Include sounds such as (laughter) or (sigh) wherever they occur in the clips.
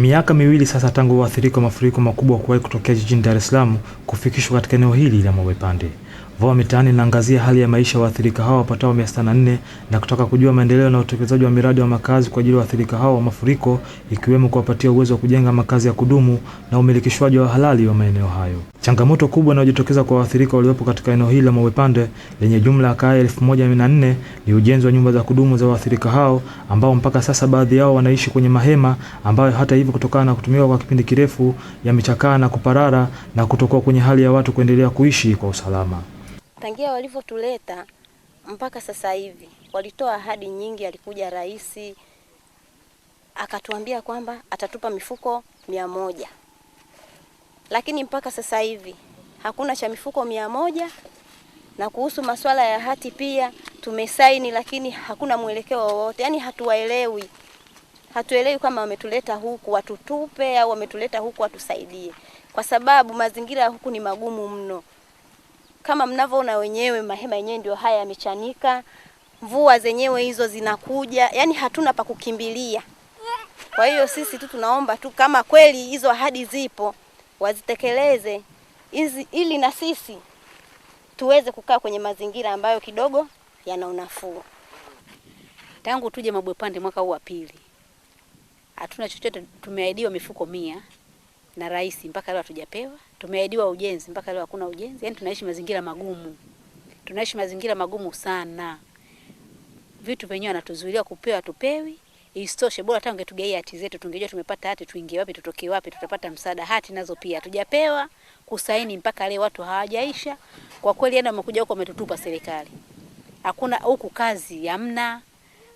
miaka miwili sasa tangu waathirika wa mafuriko makubwa kuwahi kutokea jijini Dar es Salaam kufikishwa katika eneo hili la Mawe Pande. VOA Mitaani inaangazia hali ya maisha ya waathirika hao wapatao 604 na kutaka kujua maendeleo na utekelezaji wa miradi wa makazi kwa ajili ya waathirika hao wa mafuriko, ikiwemo kuwapatia uwezo wa kujenga makazi ya kudumu na umilikishwaji wa halali wa maeneo hayo. Changamoto kubwa inayojitokeza kwa waathirika waliopo katika eneo hili la Mwepande lenye jumla ya kaya nne ni ujenzi wa nyumba za kudumu za waathirika hao ambao mpaka sasa baadhi yao wanaishi kwenye mahema ambayo hata hivyo, kutokana na kutumiwa kwa kipindi kirefu, yamechakaa na kuparara na kutokuwa kwenye hali ya watu kuendelea kuishi kwa usalama. Tangia walivyotuleta mpaka sasa hivi, walitoa ahadi nyingi. Alikuja rais akatuambia kwamba atatupa mifuko mia moja lakini mpaka sasa hivi hakuna cha mifuko mia moja. Na kuhusu masuala ya hati pia tumesaini, lakini hakuna mwelekeo wowote, yaani hatuwaelewi, hatuelewi kama wametuleta huku watutupe au wametuleta huku watusaidie, kwa sababu mazingira ya huku ni magumu mno. Kama mnavyoona wenyewe, mahema yenyewe ndio haya yamechanika, mvua zenyewe hizo zinakuja, yaani hatuna pa kukimbilia. Kwa hiyo sisi tu tunaomba tu kama kweli hizo ahadi zipo wazitekeleze izi, ili na sisi tuweze kukaa kwenye mazingira ambayo kidogo yana unafuu. Tangu tuje Mabwepande mwaka huu wa pili, hatuna chochote. Tumeahidiwa mifuko mia na rais, mpaka leo hatujapewa. Tumeahidiwa ujenzi, mpaka leo hakuna ujenzi. Yani tunaishi mazingira magumu, tunaishi mazingira magumu sana. Vitu vyenyewe anatuzuilia kupewa, tupewi Isitoshe, bora hata ungetugaia hati zetu, tungejua tumepata hati, tuingie wapi, tutoke wapi, tutapata msaada. Hati nazo pia hatujapewa kusaini, mpaka leo watu hawajaisha. Kwa kweli, yani wamekuja huko wametutupa serikali, hakuna huku kazi hamna,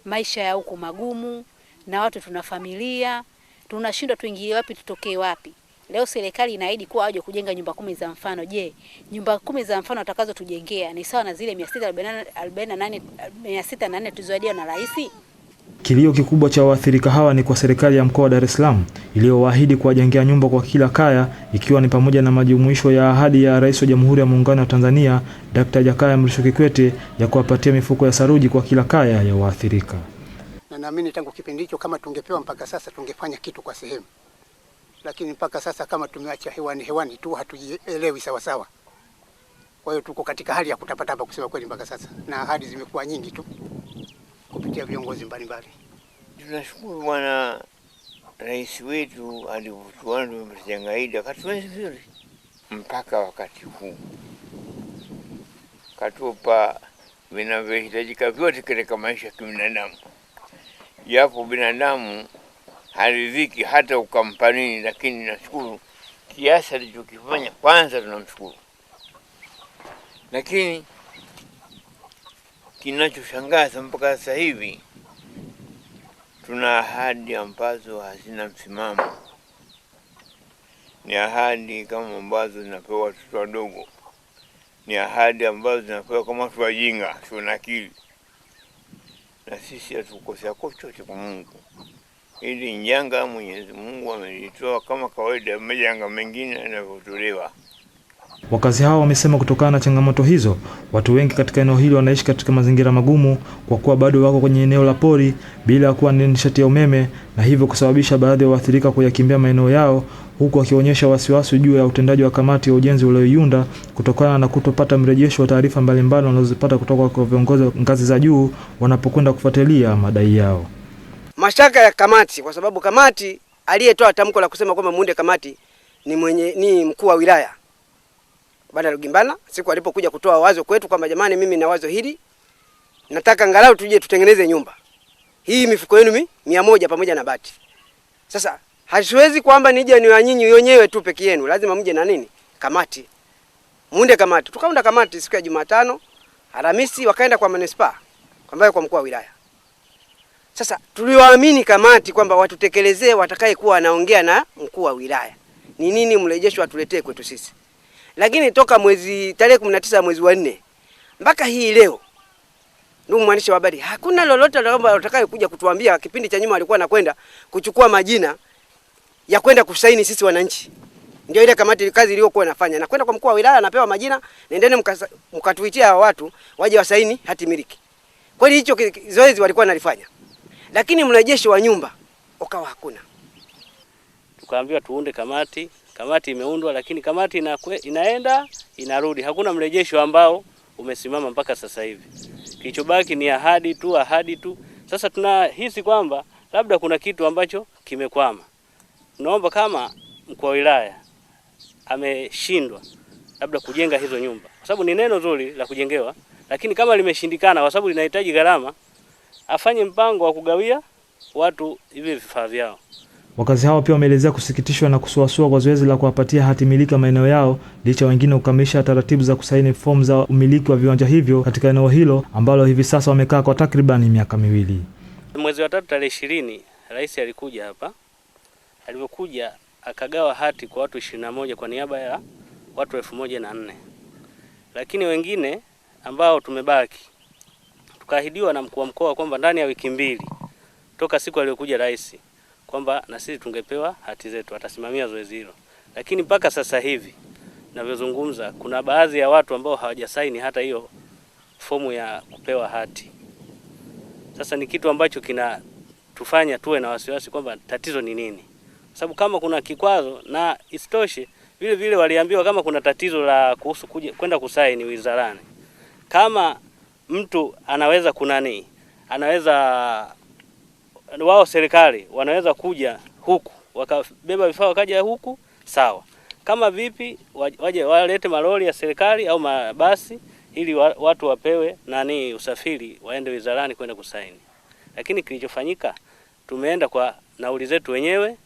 maisha ya huku magumu, na watu tuna familia, tunashindwa tuingie wapi, tutoke wapi. Leo serikali inaahidi kuwa waje kujenga nyumba kumi za mfano. Je, nyumba kumi za mfano watakazo tujengea ni sawa na zile 648 648 tulizoahidiwa na rais? Kilio kikubwa cha waathirika hawa ni kwa serikali ya mkoa wa Dar es Salaam iliyowaahidi kuwajengea nyumba kwa kila kaya ikiwa ni pamoja na majumuisho ya ahadi ya Rais wa Jamhuri ya Muungano wa Tanzania Dr. Jakaya Mrisho Kikwete ya kuwapatia mifuko ya saruji kwa kila kaya ya waathirika. Na naamini tangu kipindi hicho kama tungepewa mpaka sasa tungefanya kitu kwa sehemu, lakini mpaka sasa kama tumeacha hewani hewani tu, hatujielewi sawasawa. Kwa hiyo tuko katika hali ya kutapatapa kusema kweli mpaka sasa, na ahadi zimekuwa nyingi tu kupitia viongozi mbalimbali. Tunashukuru bwana rais wetu alivyotuana, tumemtengaidi akatuwezi vizuri mpaka wakati huu, katupa vinavyohitajika vyote katika maisha ya kibinadamu, yapo binadamu haridhiki hata ukampa nini, lakini nashukuru kiasi alichokifanya. Kwanza tunamshukuru, lakini Kinachoshangaza mpaka sasa hivi tuna ahadi ambazo hazina msimamo, ni ahadi kama ambazo zinapewa watoto wadogo, ni ahadi ambazo zinapewa kama watu wajinga, sio na akili. Na sisi hatukukosea chochote kwa Mungu. Hili njanga Mwenyezi Mungu amelitoa kama kawaida, majanga mengine yanavyotolewa. Wakazi hao wamesema kutokana na changamoto hizo, watu wengi katika eneo hilo wanaishi katika mazingira magumu kwa kuwa bado wako kwenye eneo la pori bila ya kuwa na nishati ya umeme na hivyo kusababisha baadhi ya waathirika kuyakimbia maeneo yao, huku wakionyesha wasiwasi juu ya utendaji wa kamati ya ujenzi ulioiunda kutokana na kutopata mrejesho wa taarifa mbalimbali wanazozipata kutoka kwa viongozi ngazi za juu wanapokwenda kufuatilia madai yao. Mashtaka ya kamati, kwa sababu kamati aliyetoa tamko la kusema kwamba muunde kamati ni mwenye ni mkuu wa wilaya baada ya Lugimbana siku alipokuja kutoa wazo kwetu kwamba jamani, mimi na wazo hili nataka angalau tuje tutengeneze nyumba hii, mifuko yenu mia moja pamoja na bati. Sasa hasiwezi kwamba nije ni wanyinyi wenyewe tu peke yenu, lazima mje na nini, kamati, muunde kamati. Tukaunda kamati siku ya Jumatano, Alhamisi wakaenda kwa manispaa, kwa kwa mkuu wa wilaya. Sasa tuliwaamini kamati kwamba watutekelezee watakaye kuwa wanaongea na mkuu wa wilaya, ni nini mrejesho atuletee kwetu sisi lakini toka mwezi tarehe 19 mwezi wa nne mpaka hii leo, ndugu mwandishi wa habari, hakuna lolote atakaye kuja kutuambia. Kipindi cha nyuma alikuwa anakwenda kuchukua majina ya kwenda kusaini sisi wananchi, ndio ile kamati kazi iliyokuwa inafanya, na kwenda kwa mkuu wa wilaya anapewa majina, nendeni mkatuitia hao watu waje wasaini hati miliki. Kweli hicho zoezi walikuwa nalifanya, lakini mrejeshi wa nyumba ukawa hakuna. Tukaambiwa tuunde kamati Kamati imeundwa lakini kamati inakwe, inaenda inarudi, hakuna mrejesho ambao umesimama mpaka sasa hivi. Kilichobaki ni ahadi tu, ahadi tu. Sasa tunahisi kwamba labda kuna kitu ambacho kimekwama. Tunaomba kama mkuu wa wilaya ameshindwa labda kujenga hizo nyumba, kwa sababu ni neno zuri la kujengewa, lakini kama limeshindikana, kwa sababu linahitaji gharama, afanye mpango wa kugawia watu hivi vifaa vyao. Wakazi hao pia wameelezea kusikitishwa na kusuasua kwa zoezi la kuwapatia hati miliki ya maeneo yao licha wengine kukamilisha taratibu za kusaini fomu za umiliki wa viwanja hivyo katika eneo hilo ambalo hivi sasa wamekaa kwa takribani miaka miwili. Mwezi wa tatu tarehe ishirini rais alikuja hapa, alivyokuja akagawa hati kwa watu ishirini na moja kwa niaba ya watu elfu moja na nne lakini wengine ambao tumebaki tukaahidiwa na mkuu wa mkoa kwamba ndani ya wiki mbili toka siku aliyokuja rais kwamba na sisi tungepewa hati zetu, atasimamia zoezi hilo. Lakini mpaka sasa hivi navyozungumza, kuna baadhi ya watu ambao hawajasaini hata hiyo fomu ya kupewa hati. Sasa ni kitu ambacho kinatufanya tuwe na wasiwasi kwamba tatizo ni nini, sababu kama kuna kikwazo, na isitoshe vile vile waliambiwa kama kuna tatizo la kuhusu kwenda kusaini wizarani, kama mtu anaweza kunani, anaweza wao serikali wanaweza kuja huku wakabeba vifaa wakaja huku sawa. Kama vipi waje walete malori ya serikali au mabasi ili watu wapewe nani usafiri waende wizarani kwenda kusaini. Lakini kilichofanyika tumeenda kwa nauli zetu wenyewe,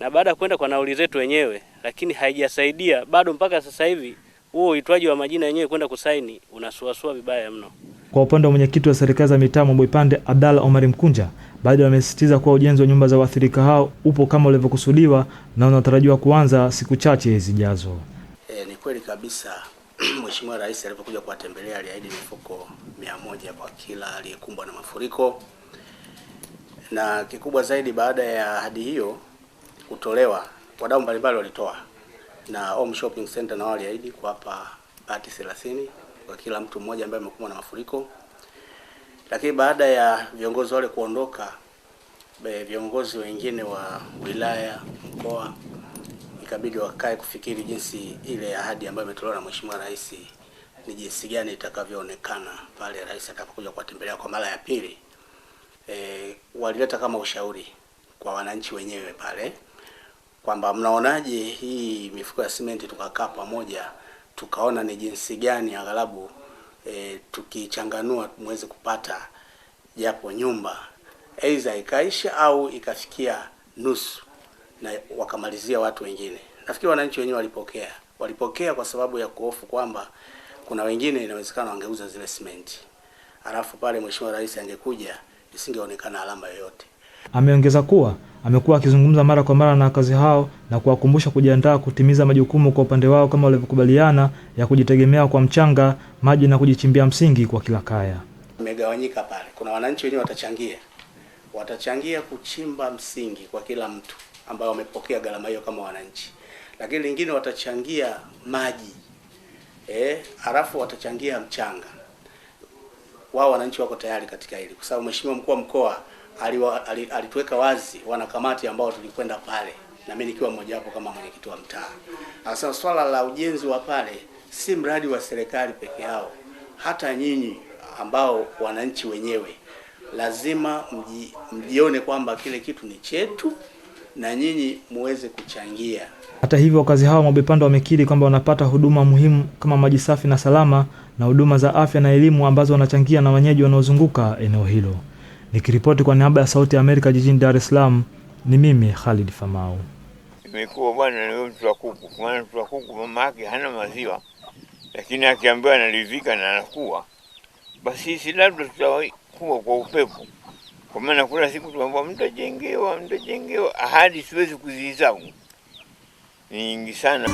na baada ya kwenda kwa nauli zetu wenyewe, lakini haijasaidia bado. Mpaka sasa hivi huo uitwaji wa majina yenyewe kwenda kusaini unasuasua vibaya mno. Kwa upande wa mwenyekiti wa serikali za mitaa Mboipande Abdalla Omari Mkunja Baadhi wamesisitiza kuwa ujenzi wa nyumba za waathirika hao upo kama ulivyokusudiwa na unatarajiwa kuanza siku chache zijazo. E, ni kweli kabisa (clears throat) Mheshimiwa Rais alipokuja kuwatembelea aliahidi mifuko mia moja kwa kila aliyekumbwa na mafuriko, na kikubwa zaidi, baada ya ahadi hiyo kutolewa, wadau mbalimbali walitoa na Home Shopping Center nao waliahidi kuwapa bati 30 kwa kila mtu mmoja ambaye amekumbwa na mafuriko. Lakini baada ya viongozi wale kuondoka, viongozi wengine wa wilaya, mkoa, ikabidi wakae kufikiri jinsi ile ahadi ambayo imetolewa na Mheshimiwa Rais ni jinsi gani itakavyoonekana pale rais atakapokuja kuwatembelea kwa mara ya pili. E, walileta kama ushauri kwa wananchi wenyewe pale kwamba mnaonaje hii mifuko ya simenti, tukakaa pamoja tukaona ni jinsi gani aghalabu e, tukichanganua mweze kupata japo nyumba aidha ikaisha au ikafikia nusu na wakamalizia watu wengine. Nafikiri wananchi wenyewe walipokea, walipokea kwa sababu ya kuhofu kwamba kuna wengine inawezekana wangeuza zile simenti, alafu pale Mheshimiwa Rais angekuja isingeonekana alama yoyote. Ameongeza kuwa amekuwa akizungumza mara kwa mara na wakazi hao na kuwakumbusha kujiandaa kutimiza majukumu kwa upande wao kama walivyokubaliana ya kujitegemea kwa mchanga, maji na kujichimbia msingi kwa kila kaya. Imegawanyika pale, kuna wananchi wenyewe watachangia, watachangia kuchimba msingi kwa kila mtu ambao wamepokea gharama hiyo kama wananchi, lakini lingine watachangia maji eh, halafu watachangia mchanga. Wao wananchi wako tayari katika hili, kwa sababu Mheshimiwa mkuu wa mkoa alituweka wazi wanakamati ambao tulikwenda pale na mimi nikiwa mmoja wapo kama mwenyekiti wa mtaa. Ah, sasa swala la ujenzi wa pale si mradi wa serikali peke yao, hata nyinyi ambao wananchi wenyewe lazima mji, mjione kwamba kile kitu ni chetu na nyinyi muweze kuchangia. Hata hivyo, wakazi hawa Mwabepando wamekiri kwamba wanapata huduma muhimu kama maji safi na salama na huduma za afya na elimu ambazo wanachangia na wenyeji wanaozunguka eneo hilo. Nikiripoti kwa niaba ya Sauti ya Amerika jijini Dar es Salaam, ni mimi Khalid Famau. Imekuwa bwana ni mtu wa kuku, maana mtu wa kuku mama yake hana maziwa, lakini akiambiwa analivika na anakuwa, basi sisi labda tutakuwa kwa upepo, kwa maana kuna siku tunaambiwa mtajengewa, mtajengewa, ahadi siwezi kuzihesabu, ni nyingi sana.